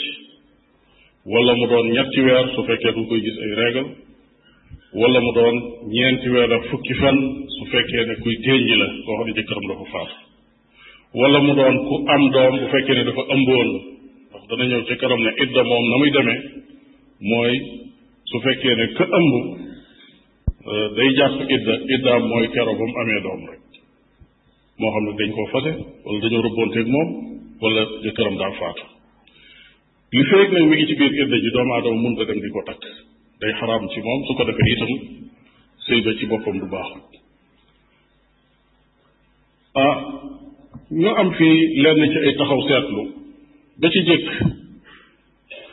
wala mu doon ñetti weer su koy gis ay régal doon ñeenti weer ak fukki fan su fekkee ne kuy téññi la koo xam ne jëkkëram dafa faatu wala mu doon ku am doom bu fekkee ne dafa ëmboon ndax dana ñëw ci kanam ne idda moom na muy demee mooy su fekkee ne ka ëmb euh, day jàpp idda iddaam mooy kero ba mu amee doom rek moo xam ne dañ koo fase wala dañoo rëbboonteeg moom wala jëkkëram daa faatu li feeg nag mi ngi ci biir idda ji doomu aadama mun ko dem di ko takk day xaraam ci moom su ko defee itam sëy ba ci boppam bu baaxul ah ñu am fii lenn ci ay taxaw seetlu ba ci jëkk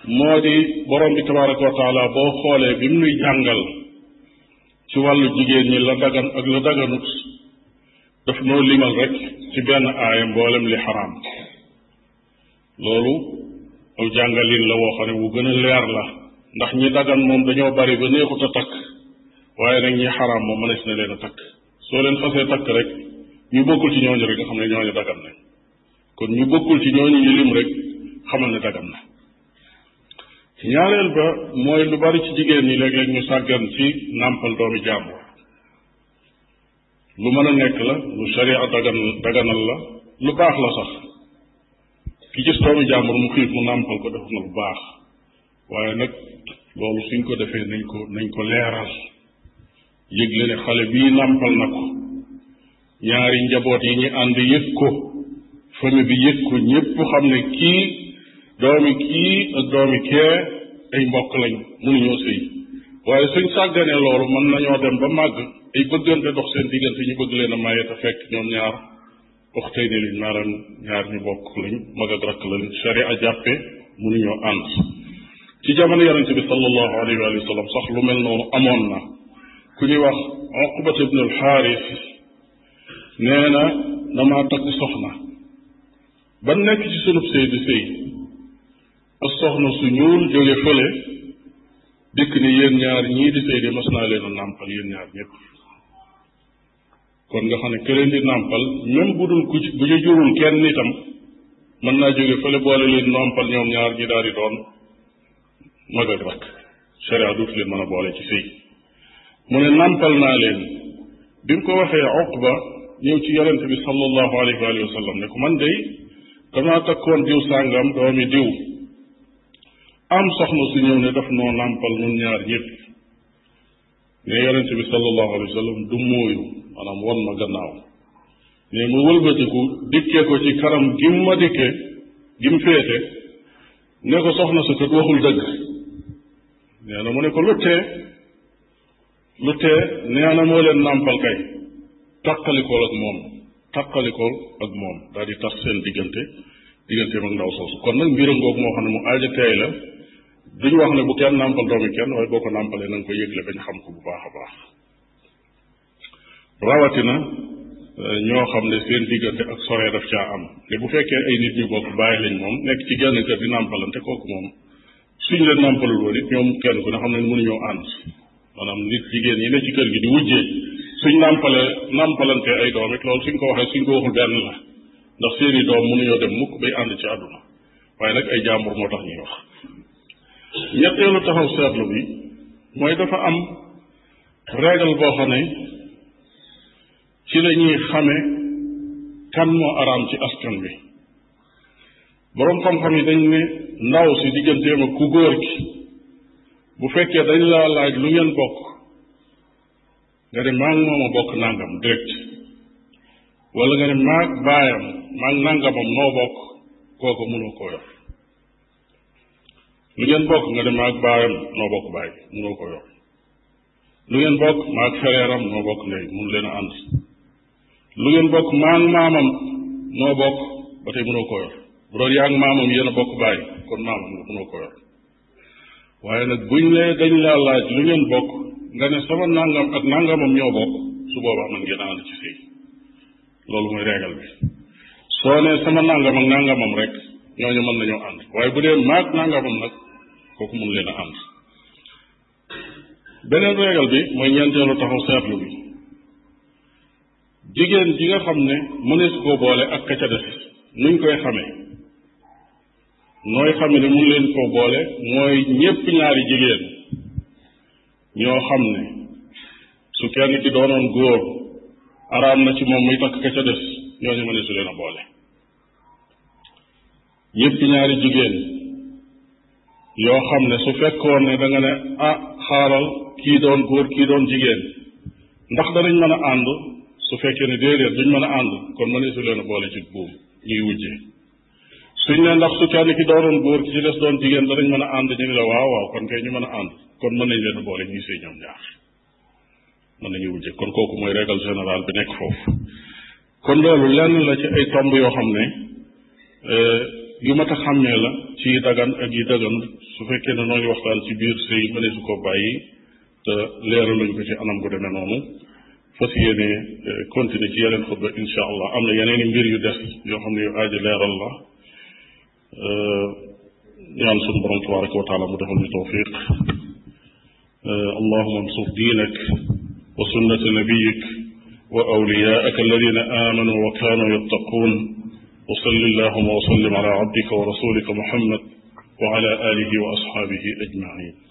moo di borom bi tabaraka wa boo xoolee bi mu jàngal ci wàllu jigéen ñi la dagan ak la daganut daf noo limal rek ci benn aaya mboolem li xaraam loolu aw jàngalin la woo ne wu gën a leer la ndax ñi dagan moom dañoo bari ba neexut a takk waaye nag ñi xaraam moom mënees na leen a takk soo leen fasee takk rek ñu bokkul ci ñooñu rek nga xam ne ñooñu dagan nañ kon ñu bokkul ci ñooñu ñu lim rek xamal ne dagan na ci ñaareel ba mooy lu bari ci jigéen ñi léeg-léeg ñu sàggan ci nàmpal doomi jàmbur lu mën a nekk la lu sharia dagan daganal la lu baax la sax ki gis doomi jàmbur mu xiif mu nàmpal ko def na lu baax waaye nag loolu suñ ko defee nañ ko nañ ko leeral yëgle ne xale bii nàmpal na ko ñaari njaboot yi ñu ànd yëg ko famille bi yëg ko ñépp xam ne kii doomi kii ak doomi kee ay mbokk lañ mënuñoo sëy waaye suñ sàgganee loolu mën nañoo dem ba màgg ay bëggante dox seen diggante ñu bëgg leen a maye te fekk ñoom ñaar wax tey ñaar ñu bokk lañ mag ak rakk lañ sharia jamono yonente bi sax lu mel noonu amoon na ku ñuy wax uqbat ibn al xaaris nee na takk soxna ba nekk ci sunub sëy di sëy ak soxna su ñuul jóge fële dikk ni yéen ñaar ñii di sëy de mas naa leen a nàmpal yéen ñaar ñëpp kon nga xam ne këleen di nàmpal même bu dul ku ci jurul kenn itam mën naa jóge fële boole leen nàmpal ñoom ñaar ñi daal di doon mag ak rakk sharia leen mën a boole ci sëy mu ne nàmpal naa leen bi mu ko waxee Uqba ñëw ci yonent bi sallallahu alayhi wa sallam ne ko man day damaa takkoon diw sàngam doomi diw am soxna su ñëw ne daf noo nàmpal nun ñaar yëpp ne yonente bi sallallahu alayhi wa du mooyu maanaam won ma gannaaw ne mu wëlbatiku dikkee ko ci kanam gim ma dikkee gim féete ne ko soxna su kat waxul dëgg nee na mu ne ko lu tee lu tee nee na moo leen nàmpal kay taqalikool ak moom taqalikool ak moom daal di tax seen diggante diggante mag ndaw soosu kon nag mbiram googu moo xam ne mu aaja teey la duñu wax ne bu kenn nàmpal doomi kenn waaye boo ko nàmpalee na nga ko yëgle bañ xam ko bu baax a baax rawatina euh, ñoo xam ne seen diggante ak soree daf caa am ne bu fekkee ay nit ñu bokk bàyyi lañ moom nekk ci genn kër di nàmpalante kooku moom suñ leen nàmpalul woon it ñoom kenn ko ne xam ne mënuñoo ànd maanaam nit jigéen yi ne ci kër gi di wujjee suñ nàmpalee nàmpalante ay doom it loolu suñ ko waxee suñ ko waxul benn la ndax seeni doom mënuñoo dem mukk bay ànd ci waaye nag ay jàmbur moo tax ñuy wax ñetteelu taxaw seetlu bi mooy dafa am règle boo xam ne ci la ñuy xame kan moo araam ci askan bi boroom xam-xam yi dañ ne ndaw si digganteem ku góor ki bu fekkee dañ laa laaj lu ngeen bokk nga ne maa ngi moom a bokk nangam direct wala nga ne maag baayam maag nangamam noo bokk kooku mënoo koo yor lu ngeen bokk nga dem maag baayam noo bokk baay munoo ko yor lu ngeen bokk maag fereeram noo bokk ndey mun leen a ànd lu ngeen bokk maag maamam noo bokk ba tey munoo ko yor bu doon yaa ngi maamam yéen a bokk baay kon maamam nga munoo ko yor waaye nag buñ ne dañ laa laaj lu ngeen bokk nga ne sama nangam ak nangamam ñoo bokk su man ngeen a ànd ci sëy loolu mooy régal bi soo ne sama nangam ak nangamam rek ñooñu mën nañoo ànd waaye bu dee maag nangamam kooku mun leen a ànd beneen régal bi mooy ñeenteelu taxaw seetlu bi jigéen ji nga xam ne mënees koo boole ak ka ca des nuñ koy xamee nooy xame ne mun leen koo boole mooy ñépp ñaari jigéen ñoo xam ne su kenn ki doonoon góor araam na ci moom muy takk ka ca des ñooñu mëneesu leen a boole ñépp ñaari jigéen yoo xam ne su fekkoon ne da nga ne ah xaaral kii doon góor kii doon jigéen ndax danañ mën a ànd su fekkee ne déedéet duñ mën a ànd kon mën su leen a boole ci buum ñuy wujje suñ ne ndax su kenn ki góor ki ci des doon jigéen danañ mën a ànd ñu ne waaw kon ñu mën a ànd kon mën nañ leen a boole ñuy sëy ñoom ñaar mën nañu wujje kon kooku mooy règle générale bi nekk foofu kon loolu lenn la ci ay tomb yoo xam ne euh, yu ma a xàmmee la ci yi dagan ak yi su fekkee ne waxtaan ci biir sëy mënee su ko bàyyi leer la ko ci anam gu demee noonu fas yéene eh, continuer ci yeneen xutba insha allah am na yeneen mbir yu des yoo xam ne yu aaji leeral la eh, ñaan suñu borom tabaraka wa taala mu defal ñu tawfiq eh, allahuma ansur diinak wa sunnata nabiyik wa awliyaaka alladina wa kaanu yattaquun wa salli allahuma wa sallim ala abdika wa rasulika muhammad wa ala alihi wa asxaabihi ajmain